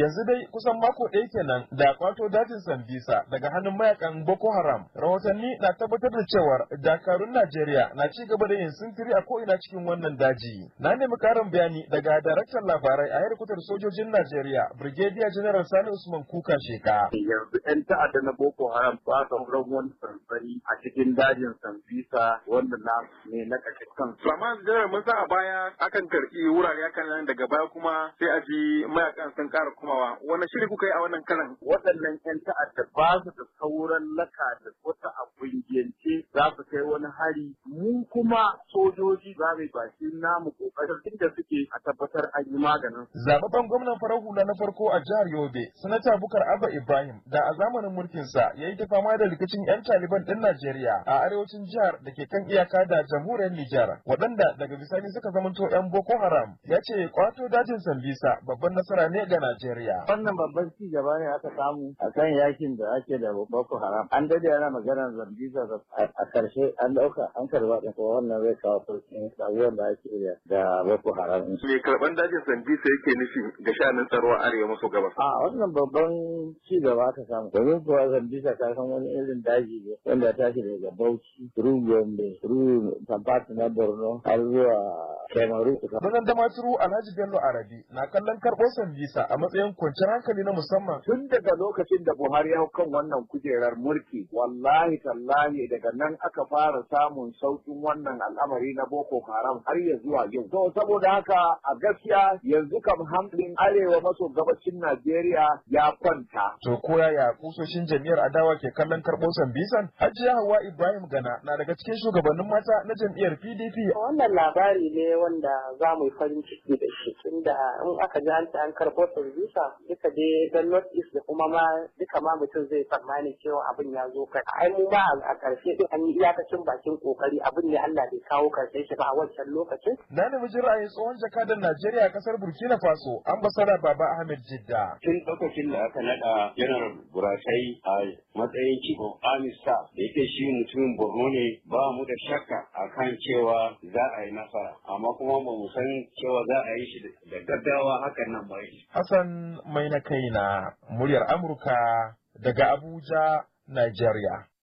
yanzu dai kusan mako ɗaya kenan da kwato dajin sambisa daga hannun mayakan boko haram rahotanni na tabbatar da cewa dakarun najeriya na ci gaba da yin sintiri a ko'ina cikin wannan daji na nemi karin bayani daga daraktan labarai a yarkutar sojojin najeriya brigadier general sani usman kuka sheka yanzu yan ta'adda na boko haram ba sa wani sansani a cikin dajin sambisa wanda na ne na kakkan amma general mun sa a baya akan karɓi wurare akan daga baya kuma sai a ji mayakan sun ƙara komawa wani shiri kuka yi a wannan karan waɗannan 'yan ta'adda ba su da sauran laka da wata a kungiyance za su kai wani hari mu kuma sojoji za mu bashi namu kokarin inda suke a tabbatar an yi maganin zababban gwamnan farar hula na farko a jihar Yobe sanata Bukar Abba Ibrahim da a zamanin mulkinsa ya yi ta fama da rikicin 'yan Taliban ɗin Najeriya a arewacin jihar da ke kan iyaka da jamhuriyar Nijar waɗanda daga bisani suka zamanto 'yan Boko Haram ya ce kwato dajin Sambisa babban nasara ne ga Najeriya shari'a. Wannan babban ci gaba ne aka samu a kan yakin da ake da Boko Haram. An dade ana magana zambiza a ƙarshe an ɗauka an karɓa karba kuma wannan zai kawo sauƙin rayuwar da ake da Boko Haram. Me karɓan dajin zambiza yake nufi ga shanin tsaro a arewa maso gabas? A wannan babban ci gaba aka samu. Domin kuwa zambiza ta san wani irin daji ne wanda ta shi daga Bauchi, Rugombe, Rugombe, Tabbat na Borno har zuwa Mazan damaturu Alhaji Bello Arabi na kallon karɓar san a matsayin kwanciyar hankali na musamman. Tun daga lokacin da Buhari ya kan wannan kujerar mulki, wallahi tallahi daga nan aka fara samun sauƙin wannan al'amari na Boko Haram har ya zuwa yau. To saboda haka a gaskiya yanzu kam hamlin arewa maso gabacin Najeriya ya kwanta. To ko yaya kusoshin jam'iyyar adawa ke kallon karɓar san bisan? Hajiya Hawa Ibrahim Gana na daga cikin shugabannin mata na jam'iyyar PDP. Wannan labari ne wanda za mu yi farin ciki da shi tunda in aka ji an an karɓo producer duka je don north east da kuma ma duka ma mutum zai tsammani cewa abin ya zo kai ai mu ma a ƙarshe din an yi iyakacin bakin kokari abin ne Allah bai kawo karshen shi ba a wancan lokacin. Na nemi ji ra'ayin tsohon jakadan Najeriya a kasar Burkina Faso ambasada Baba Ahmed Jidda. Tun lokacin da aka naɗa Janar Buratai a matsayin cikin Amista da yake shi mutumin Borno ne ba mu da shakka akan cewa za a yi nasara amma amma kuma ba mu san cewa za a yi shi da gaggawa hakan nan ba Hassan mai na kaina muryar Amurka daga Abuja, Nigeria.